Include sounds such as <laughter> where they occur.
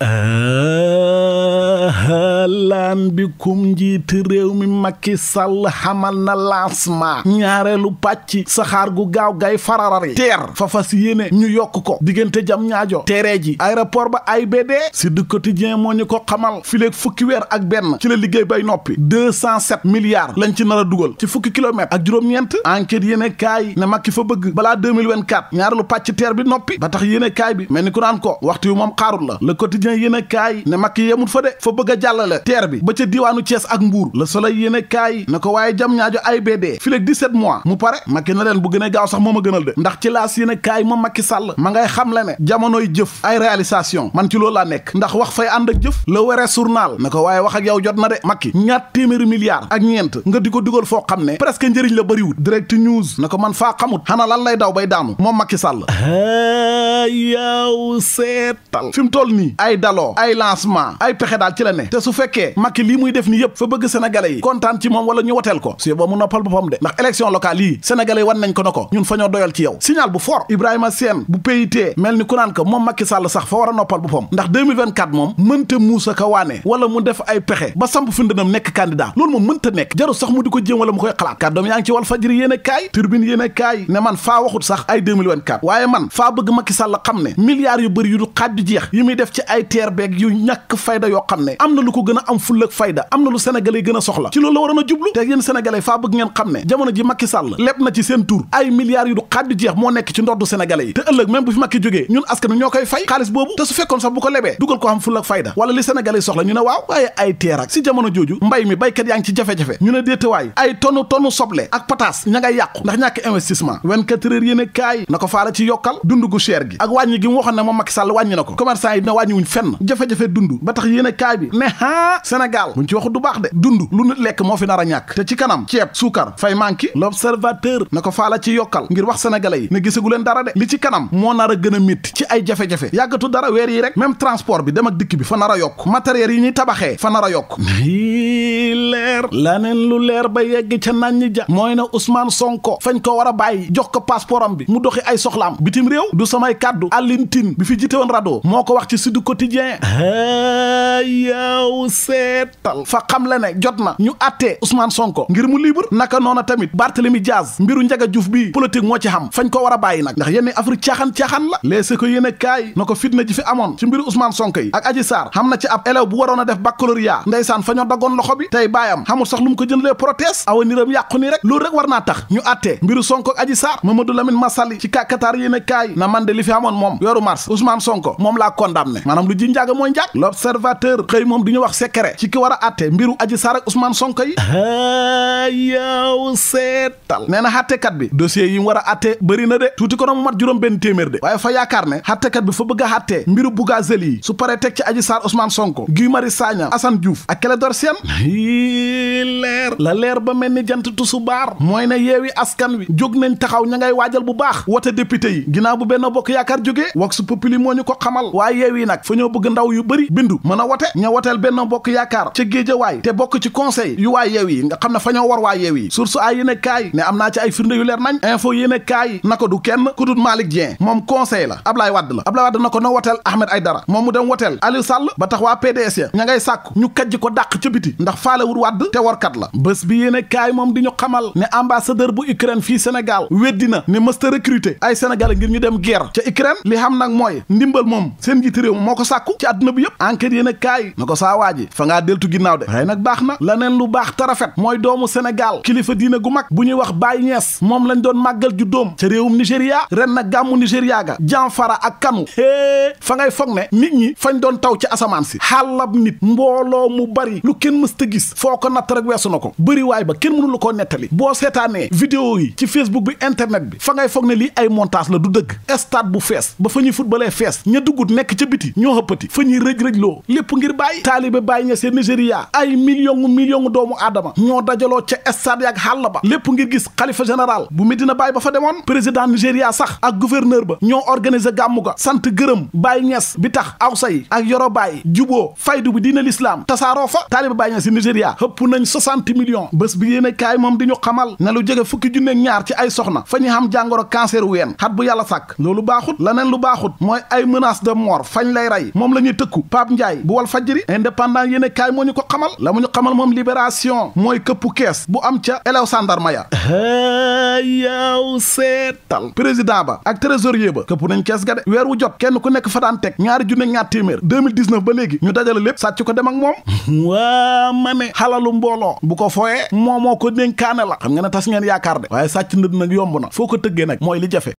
Uh, marhaban bikum njiiti réew mi Macky Sall xamal na lancement ñaareelu pàcc saxaar gu gaaw gay fararari teer fa si yéene ñu yokk ko diggante jam ñaajo teere ji aéroport ba AIBD si du quotidien moo ñu ko xamal fileeg fukki weer ak benn ci la liggéey bay noppi deux cent sept milliards lañ ci nar a dugal ci fukki kilomètres ak juróom-ñeent enquête yéene kaay ne Macky fa bëgg balaa 2024 ñaareelu pàcc teer bi noppi ba tax yéene kaay bi mel ni ku naan ne Macky yemul fa de fa bëgg a jàllale teer bi bi ba ca diiwaanu Thiès ak Mbour Le Soleil yéene kaay na ko waaye jam ñaajo AIBD fi leeg 17 mois mu pare Macky na leen bu gën a gaaw sax moom a gënal de ndax ci laas yéene kaay moom Macky Sall ma ngay xam le ne jamonoy jëf ay réalisation man ci loolu laa nekk ndax wax fay ànd ak jëf Le Wéré journal na ko waaye wax ak yow jot na de Macky ñaat téeméeri milliards ak ñeent nga di ko dugal foo xam ne presque njëriñ la bëriwut Direct News na ko man faa xamut xanaa lan lay daw bay daanu moom Macky Sall yow seetal fi mu toll nii ay daloo ay lancement ay pexe daal ci la ne Macky lii muy def ni yëpp fa bëgg sénégalais yi kontaan ci moom wala ñu woteel ko su yóbboo mu noppal boppam de ndax élection locale yii sénégalais yi wan ko na ko ñun fa doyal ci yow signal bu fort Ibrahima Sène bu PIT mel ni ku naan ko moom Macky Sall sax fa war noppal boppam ndax 2024 moom mënta muusa ka waane wala mu def ay pexe ba samp findinam nekk candidat loolu moom mënta nekk jaru sax mu di ko jéem wala mu koy xalaat kàddoom yaa fulla ak fayda am na lu sénégalais gën a soxla ci loolu la waroon a jublu te yéen sénégalais faa bëgg ngeen xam ne jamono ji Macky Sall leb na ci seen tur ay milliards yu du xaddu jeex moo nekk ci ndoddu sénégalais yi te ëllëg même bu fi Macky jógee ñun askan ñoo koy fay xaalis boobu te su fekkoon sax bu ko lebee dugal ko xam fulla ak fayda wala li sénégalais soxla ñu ne waaw waaye ay teer ak si jamono jooju mbay mi baykat yaa ngi ci jafe-jafe ñu ne déetewaay ay tonu Sénégal buñ ci waxu du baax de dund lu nit lekk moo fi nar a ñàkk te ci kanam ceeb suukar fay manqué l'observateur na ko faala ci yokkal ngir wax sénégalais yi ne gisagu leen dara de li ci kanam moo nar a gën a métti ci ay jafe-jafe yàggatu dara weer yi rek même transport bi dem ak dikk bi fa nar a yokk matériel yi ñuy tabaxee fa nar a yokk <laughs> leer laneen lu leer ba yegg ca naan ñi ja mooy na Ousmane Sonko fañ ko war a bàyyi jox ko passeport am bi mu doxi ay soxlaam bitim réew du samay kàddu Alioune Tine bi fi jitewoon rado moo ko wax ci seetal fa xam le ne jot na ñu àttee Ousmane Sonko ngir mu libre naka a tamit Barthélemy Diaz mbiru Ndiaga Diouf bi politique moo ci xam fañ ko war a bàyyi nag ndax yenn Afrique caaxaan-caaxaan la léeg si ko yéen e kaay na ko fitna ji fi amoon ci mbiru Ousmane Sonko yi ak Adji Sarr xam na ci ab élève bu waroon a def baccalauréat ndeysaan fa ñoo daggoon loxo bi baayam xamul sax lu mu ko jëndalee protest awa niram yàqu nii rek loolu rek war naa tax ñu àttee ci ki war a atte mbiru Adji Sarr ak Ousmane Sonko yi yaw seetal nee na xattekat bi dossier yi war a atte bari na de tuuti kono na mu mat juróom benn téeméer de waaye fa yaakaar ne xattekat bi fa bëgg a xattee mbiru Bougazelli yi su paree teg ci Adji Sarr Ousmane Sonko Guy Marius Sagna Assane Diouf ak Clédor Sène leer la leer ba mel ni jant tusubaar mooy ne yeewi askan wi jóg nañ taxaw ña ngay waajal bu baax wote député yi ginnaaw bu benn bokk yaakaar jógee wax su populi moo ñu ko xamal waaye yeewi nag bëgg ndaw yu bëri bindu mën a wote ña woteel benn yaakaar ca Géejawaay te bokk ci conseil yu waa yeew yi nga xam ne fa war waa yeew yi source ay yéen kaay ne am naa ci ay firnde yu leer nañ info yéen kaay na ko du kenn ku dul Malick Dieng moom conseil la Ablaye Wade la Ablaye Wade na ko na woteel Ahmed Aïdara moom mu dem woteel Aliou Sall ba tax waa PDS ya ña sàkku ñu kajj ko dàq ca biti ndax faalewul Wade te warkat la bés bi yéen kaay moom di ñu xamal ne ambassadeur bu Ukraine fii Sénégal na ne mësta recruter ay Sénégalais ngir ñu dem guerre ca Ukraine li xam nag moo ko sàkku na ko saa waaji fa nga ngaa deltu ginnaaw de waaye nag baax na laneen lu baax te rafet mooy doomu Sénégal kilifa diine gu mag bu ñuy wax Baye ñees moom lañ doon màggal ju dóom ca réewum Nigéria ren na gàmmu Nigéria ga janfara ak kanu hee fa ngay foog ne nit ñi fañ doon taw ci asamaan si xaalab nit mbooloo mu bari lu kenn mës gis foo ko natt rek weesu na ko bëri waay ba kenn mënu la koo nettali boo seetaanee vidéo yi ci Facebook bi internet bi fa ngay foog ne lii ay montage la du dëgg stade bu fees ba fa ñuy footballee fees ña duggut nekk ca biti ñoo ñuy rëj ca Nigéria ay million million doomu aadama ñoo dajaloo ca stade yaak xàll ba lépp ngir gis kalifa général bu Medina Baye ba fa demoon président Nigéria sax ak gouverneur ba ñoo organiser gàmmu ga sant gërëm Baye Niass bi tax awsa yi ak yoro baay juboo faydu bi diina lislaam tasaaroo fa taaliba Baye Niass yi Nigéria hëpp nañ 60 millions bi yéen a kaay moom di ñu xamal ne lu jege fukki junne ñaar ci ay soxna fa ñu xam jàngoro cancer ween xat bu yàlla sàkk loolu baaxut laneen lu baaxut mooy ay menace de mort fañ lay rey moom la ñuy tëkku kaay moom ñu ko xamal la mu ñu xamal moom libération mooy këppu kees bu am ca elew sandarma ya yaaw seetal président ba ak trésorier ba këpp nañ kees ga de weer wu jot kenn ku nekk fa daan teg ñaari junne ñaar téeméer 2019 ba léegi ñu dajale lépp sàcc ko dem ak moom <laughs> waa ma ne xalalu mbooloo bu ko fooyee moo moo ko dénkaane la xam nga ne tas ngeen yaakaar de waaye sàcc ndëd nag yomb na foo ko tëggee nag mooy li jafe